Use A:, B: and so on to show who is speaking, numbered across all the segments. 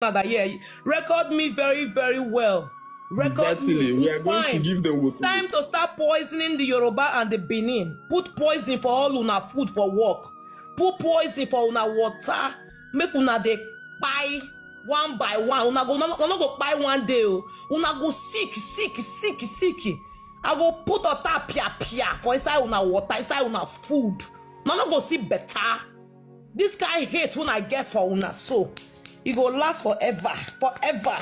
A: Canada. Yeah, record me very, very well. Record exactly. me. We are going to give them water. Time to start poisoning the Yoruba and the Benin. Put poison for all una food for work. Put poison for una water. Make una dey buy one by one. Una go una, una go buy one day o. Oh. Una go sick, sick, sick, sick. I go put water pia pia for inside una water, inside una food. Una go see better. This guy hate when I get for una so e go last forever forever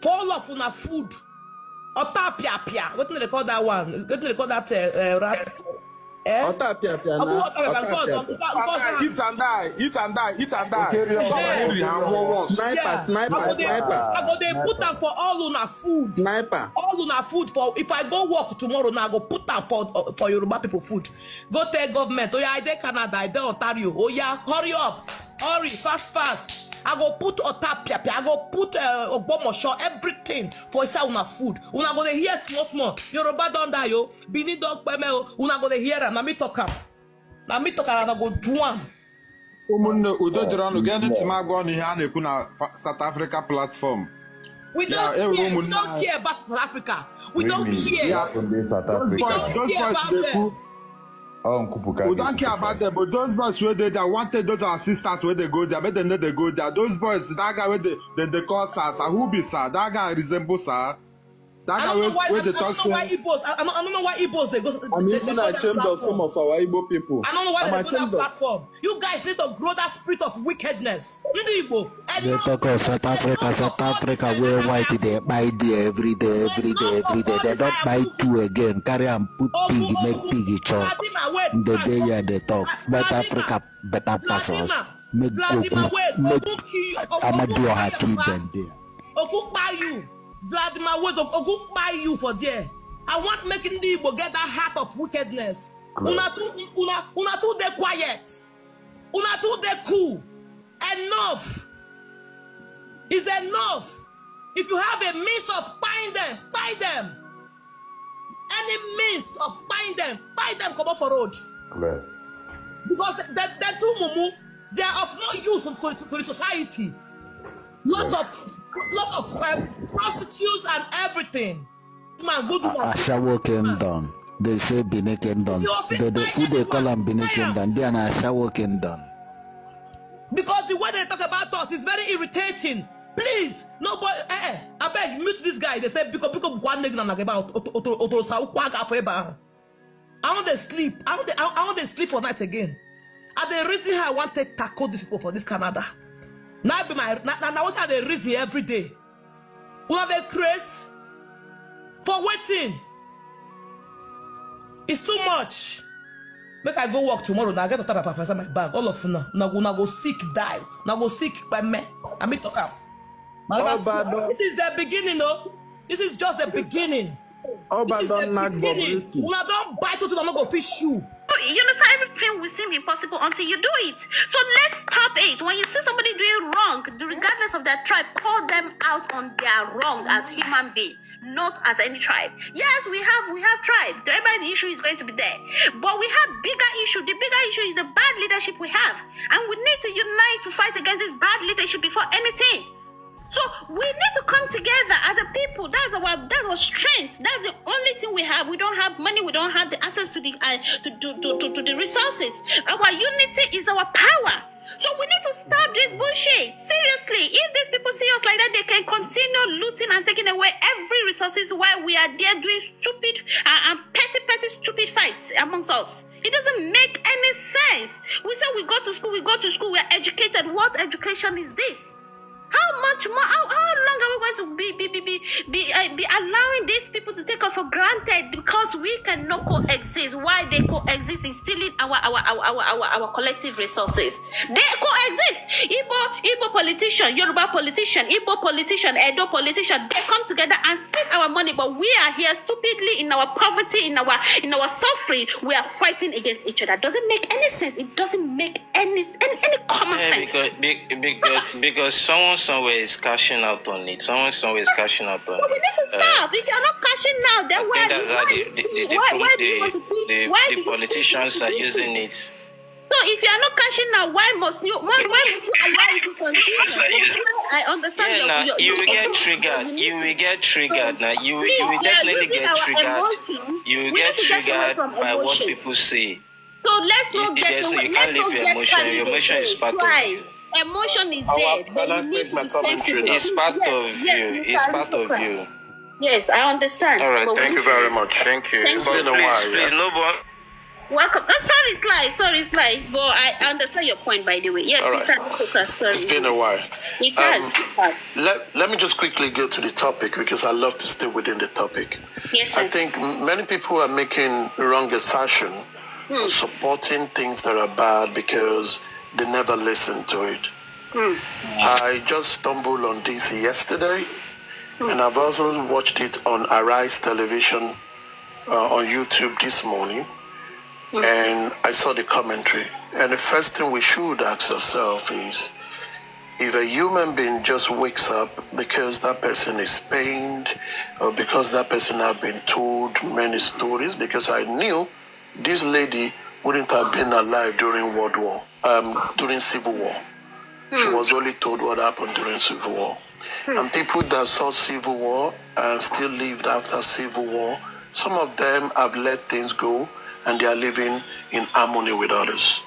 A: for all of una food ọta piapia wetin dey call that one wetin dey call that uh, uh, rat. Eh? ọta pia. na ọta piapia eat and die eat and die eat and die okeri ọmọ sniper sniper sniper. i go dey put am for all una food sniper all una food for if i go work tomorrow na i go put am for for yoruba people food go tell government oya oh i dey canada i dey ontario oya oh hurry up hurry fast fast i go put otapiapia i go put eh, ogbomoso everything for inside una food una go dey hear small small yoruba don die o benin don peme o una go dey hear am na me talk am na me talk am and go do am. ụmụnne udo dịrị gee ntị m agwa ọnụ ihe a na-ekwu na south africa platform We don't yeah, care. We don't care about South Africa. We don't care. Yeah. Those boys, those boys, they we don care about them, but those boys wey dey there wanted those our sisters wey dey go there make dem no dey go there those boys that guy wey dem dey call sir sir who be sir That guy resemble sir that I don't know why say i don't know why igbos They go i'm even ashamed of some of our igbo people i don't know why they go that platform you guys need to grow that spirit of wickedness ndị igbo dey talk of south africa south africa Where white dey kpai there every day every day every day They don't buy two again carry am put piggy, make piggy chop the day ya the talk south africa better pass make goku make amadu oha kill dem there. Oku kpa you. Vladimir Wezog occupy you for there. I want make the Igbo get that heart of wickedness. Una too, una, una too dey quiet. Una too dey cool. Enough is enough. If you have a means of buying them, buy them. Any means of buying them, buy them comot for road. Amen. Because they, they, they too mumu, they are of no use to, to the society. Lots of lot of uh, prostitutes and everything. My good woman.
B: Ashawo came down. They say Benin Kingdom. The, the, who they call them came down. They
A: are an came down. Because the way they talk about us is very irritating. Please, nobody, eh, eh, I beg, mute this guy. They say, because, because, one nigga na about, otoro sa ukwaga forever. I want to sleep. I want to, I want to sleep for night again. And the reason I want to tackle these people for this Canada. na be my na na na wetin i dey reason every day una dey craze for wetin it's too much make i go work tomorrow na i get water by papa inside my bag all of una una go una go sick die una go sick kpeme na me talk am my lover small this is the beginning o this is just the beginning this is the beginning
C: una don bite until una no go fit chew. you understand everything will seem impossible until you do it so let's stop it when you see somebody doing wrong regardless of their tribe call them out on their wrong as human being not as any tribe yes we have we have tribe everybody issue is going to be there but we have bigger issue the bigger issue is the bad leadership we have and we need to unite to fight against this bad leadership before anything so we need to come together as a people. That's our that's our strength. That's the only thing we have. We don't have money. We don't have the access to the uh, to, to, to, to, to the resources. Our unity is our power. So we need to stop this bullshit. Seriously, if these people see us like that, they can continue looting and taking away every resources while we are there doing stupid and, uh, and petty, petty, stupid fights amongst us. It doesn't make any sense. We say we go to school, we go to school, we are educated. What education is this? much more? How, how longer are we going to be be be be, be, uh, be allowing these people to take us for granted because we cannot coexist? Why they coexist in stealing our our our our our, our collective resources? They coexist. Igbo Igbo politician, Yoruba politician, Igbo politician, Edo politician. They come together and steal our money, but we are here stupidly in our poverty, in our in our suffering. We are fighting against each other. Doesn't make any sense. It doesn't make any any, any common yeah,
D: sense. Because, because because someone somewhere is cashing out on it. Someone somewhere is cashing out on so it. we need to stop. Uh,
C: if you're not cashing now, then why, why, the, politicians are using it. So if you are not cashing out, why must you? Why, why must you allow it to continue? I understand. Yeah, now you, will get
D: triggered. You will get triggered. now you, will, you will definitely get triggered.
C: You will get triggered by what people say. So let's not you, get. So you can't leave your emotion. Your emotion is part of you. Emotion is Our there. you need to be sensitive. It's part yes, of yes, you. It's part of you. Yes, I understand. All right, thank you very much.
B: Thank you. Thank it's been a while. Please, yeah. no one.
C: Welcome. Oh, sorry, Sly. Sorry, Sly. But I understand your point, by the way. Yes, right. Mr. Focus, sorry. It's been a
B: while. It has. Um, Let, let me just quickly go to the topic because I love to stay within the topic. Yes, sir. I think many people are making wrong assertion, hmm. supporting things that are bad because they never listen to it. Mm. I just stumbled on this yesterday, mm. and I've also watched it on Arise Television uh, on YouTube this morning, mm. and I saw the commentary. And the first thing we should ask ourselves is if a human being just wakes up because that person is pained or because that person have been told many stories because i knew this lady wouldn't have been alive during world war um, during Civil War. Hmm. She was only told what happened during Civil War. Hmm. And people that saw Civil War and still lived after Civil War, some of them have let things go and they are living in harmony with others.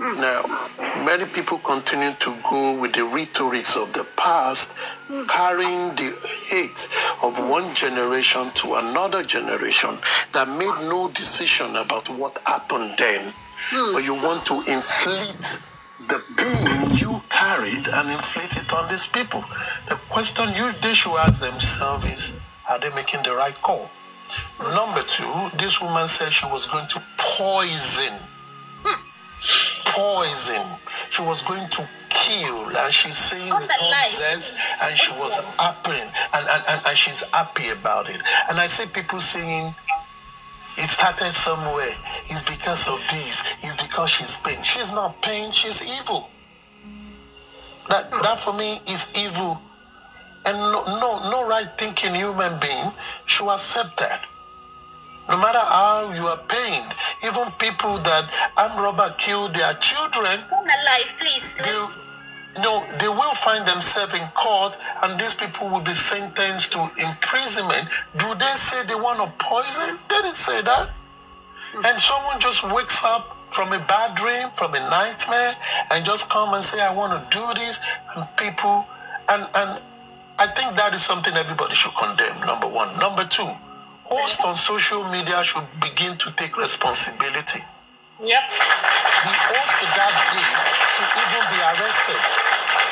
B: Hmm. Now, many people continue to go with the rhetorics of the past, hmm. carrying the hate of one generation to another generation that made no decision about what happened then mm. but you want to inflate the pain you carried and inflate it on these people. The question you, they should ask themselves is are they making the right call? Number two, this woman said she was going to poison. Hmm. Poison. She was going to kill and she's saying oh, with all zest and she was happy and, and, and, and she's happy about it. And I see people saying it started somewhere. It's because of this. It's because she's pain. She's not pain, she's evil. That, that for me is evil. And no, no, no right thinking human being should accept that. No matter how you are pained, even people that armed robber kill their children. Come
C: alive, please. They,
B: you know, they will find themselves in court and these people will be sentenced to imprisonment. Do they say they want to poison? They didn't say that. Mm-hmm. And someone just wakes up from a bad dream, from a nightmare, and just come and say, I want to do this. And people, and, and I think that is something everybody should condemn, number one. Number two, hosts on social media should begin to take responsibility. Yep. The oath the dad did should even be arrested.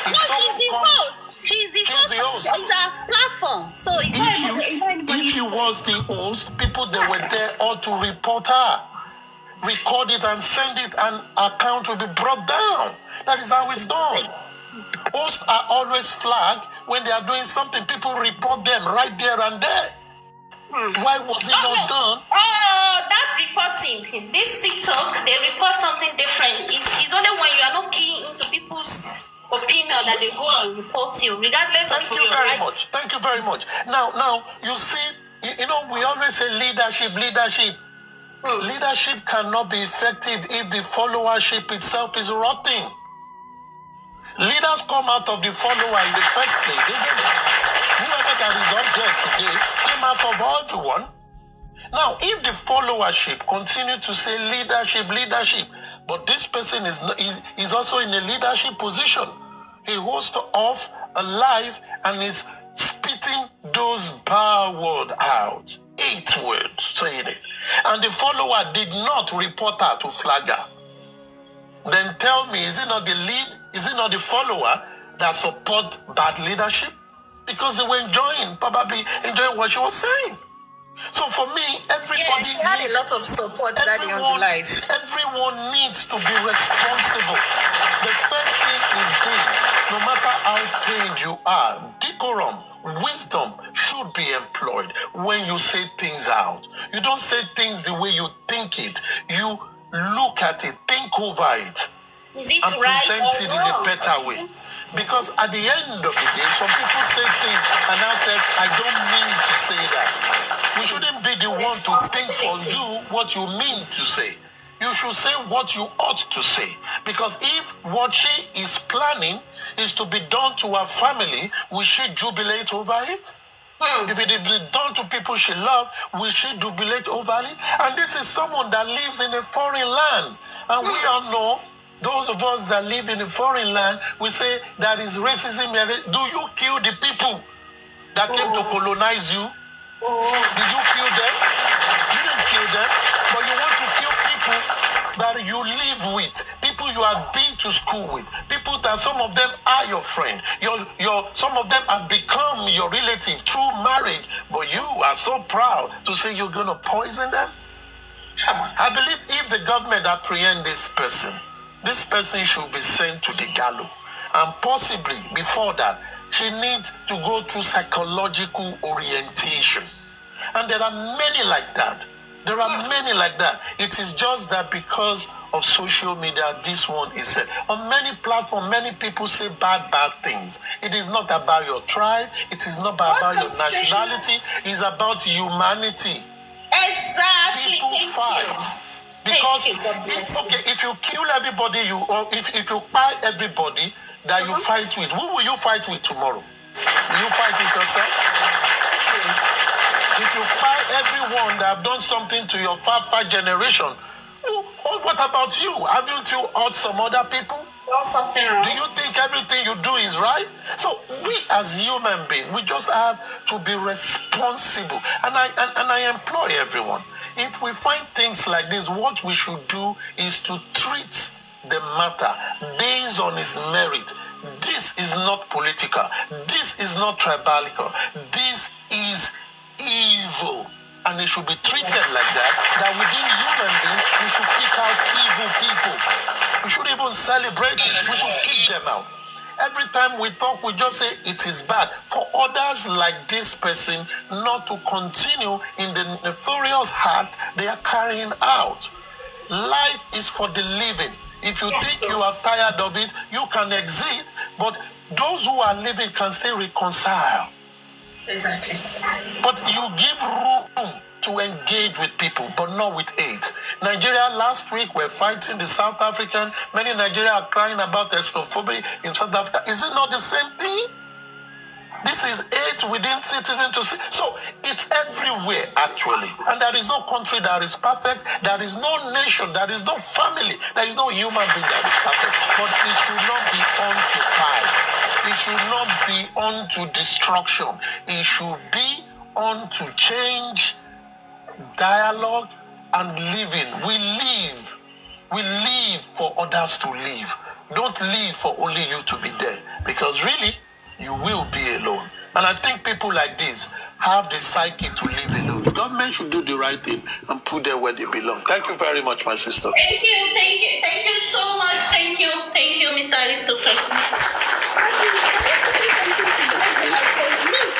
B: If no, comes, host. She's the
C: she's the host. It's a platform. So if, you,
B: if you was the host, people that were there ought to report her. Record it and send it, and account will be brought down. That is how it's done. Hosts are always flagged when they are doing something. People report them right there and there. Hmm. Why was it okay. not done?
C: that reporting, this TikTok, they report something different. It's, it's only when you are not keying into people's opinion that they go and report you, regardless Thank of you your very life.
B: much. Thank you very much. Now, now you see, you, you know, we always say leadership, leadership. Hmm. Leadership cannot be effective if the followership itself is rotting. Leaders come out of the follower in the first place, isn't it? Whoever that is up today came out of everyone. Now, if the followership continue to say leadership, leadership, but this person is, is, also in a leadership position, he host off a live and is spitting those bad word out. Eight words, saying it. And the follower did not report her to flagger. Then tell me, is it not the lead? Is it not the follower that support bad leadership? Because they were enjoying, probably enjoying what she was saying. So for me, everybody yes, had needs,
C: a lot of support everyone, daddy on the life.
B: Everyone needs to be responsible. The first thing is this: no matter how pained you are, decorum wisdom should be employed when you say things out. You don't say things the way you think it. You look at it, think over it,
C: it and right present it in a better
B: way. Because at the end of the day, some people say things and I said, I don't mean to say that. We shouldn't be the one to think for you what you mean to say. You should say what you ought to say. Because if what she is planning is to be done to her family, will she jubilate over it? Hmm. If it is done to people she loves, will she jubilate over it? And this is someone that lives in a foreign land. And hmm. we all know, those of us that live in a foreign land, we say that is racism. Do you kill the people that came oh. to colonize you? Oh. Did you kill them? You didn't kill them, but you want to kill people that you live with, people you have been to school with, people that some of them are your friend, your your some of them have become your relative through marriage, but you are so proud to say you're gonna poison them. Come on. I believe if the government apprehend this person, this person should be sent to the gallows. And possibly before that, she needs to go through psychological orientation. And there are many like that. There are hmm. many like that. It is just that because of social media, this one is said. On many platforms, many people say bad, bad things. It is not about your tribe, it is not about, about your nationality, it's about humanity. Exactly. People Thank fight. You. Because, if, okay, if you kill everybody, you, or if, if you buy everybody, that you fight with. Who will you fight with tomorrow? Will you fight with yourself? If you fight everyone that have done something to your far, generation, oh, what about you? Haven't you hurt some other people? Something wrong. Do you think everything you do is right? So we as human beings, we just have to be responsible. And I and, and I employ everyone. If we find things like this, what we should do is to treat the matter based on his merit. This is not political. This is not tribalical. This is evil. And it should be treated like that, that within human beings, we should kick out evil people. We should even celebrate it. We should kick them out. Every time we talk, we just say it is bad. For others like this person not to continue in the nefarious act they are carrying out. Life is for the living. If you yes. think you are tired of it, you can exit, but those who are living can still reconcile. Exactly. But you give room to engage with people, but not with hate. Nigeria last week were fighting the South African. Many Nigeria are crying about xenophobia in South Africa. Is it not the same thing? This is it within citizen to see. So it's everywhere, actually. And there is no country that is perfect. There is no nation. There is no family. There is no human being that is perfect. But it should not be unto time. It should not be unto destruction. It should be unto change, dialogue, and living. We live. We live for others to live. Don't live for only you to be there. Because really, you will be alone. And I think people like this have the psyche to live alone. The government should do the right thing and put them where they belong. Thank you very much, my sister. Thank
C: you, thank you, thank you so much. Thank you, thank you, Mr. Aristocrat.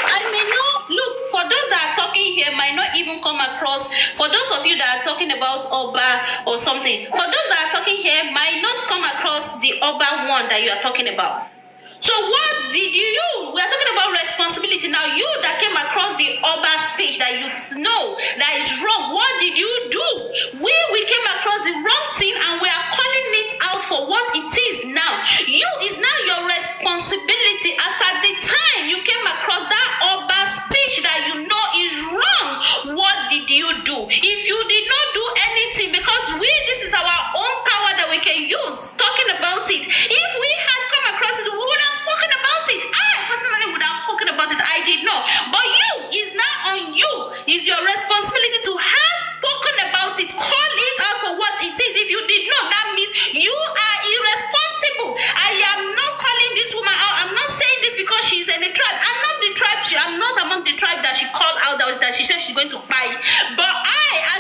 C: I may not look for those that are talking here might not even come across for those of you that are talking about Oba or something. For those that are talking here might not come across the Oba one that you are talking about. So what did you? We are talking about responsibility now. You that came across the oba speech that you know that is wrong. What did you do? We we came across the wrong thing and we are calling it out for what it is now. You is now your responsibility. As at the time you came across that oba speech that you know is wrong, what did you do? If you did not do anything, because we this is our own power that we can use. Talking about it, if we tribe that she called out that, that she said she's going to buy. But I,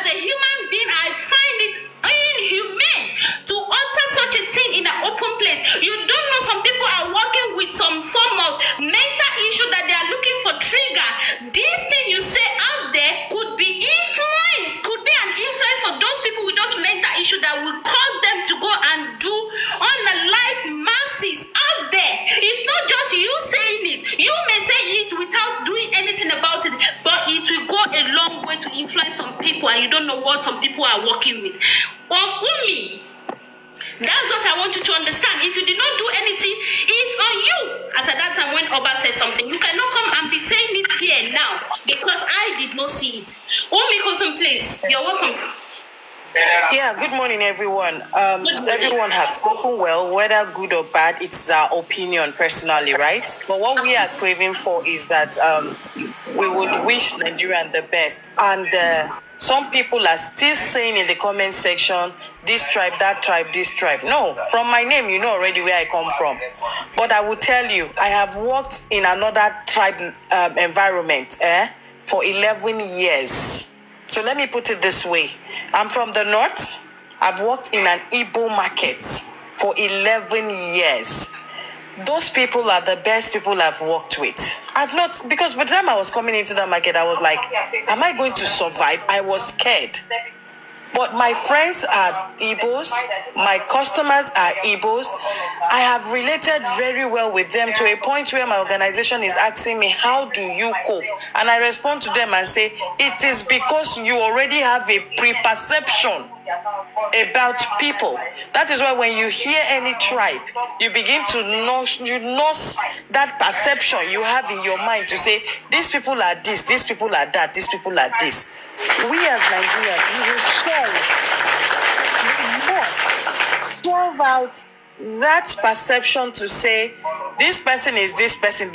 C: As at that time, when Oba said something, you cannot come and be saying it here now because I did not see it. Omi Kotum, please, you're welcome.
D: Yeah, good morning, everyone. Um, morning. Everyone has spoken well, whether good or bad, it's our opinion personally, right? But what we are craving for is that um, we would wish Nigerian the best. And uh, some people are still saying in the comment section this tribe that tribe this tribe no from my name you know already where i come from but i will tell you i have worked in another tribe um, environment eh, for 11 years so let me put it this way i'm from the north i've worked in an igbo market for 11 years those people are the best people i've worked with I've not because by the time I was coming into that market, I was like, am I going to survive? I was scared. But my friends are Igbos, my customers are Igbos. I have related very well with them to a point where my organization is asking me, How do you cope? And I respond to them and say, It is because you already have a pre perception about people. That is why when you hear any tribe, you begin to know you know that perception you have in your mind to say, these people are this, these people are that, these people are this. We as Nigerians, we will share it. out that perception to say, this person is this person.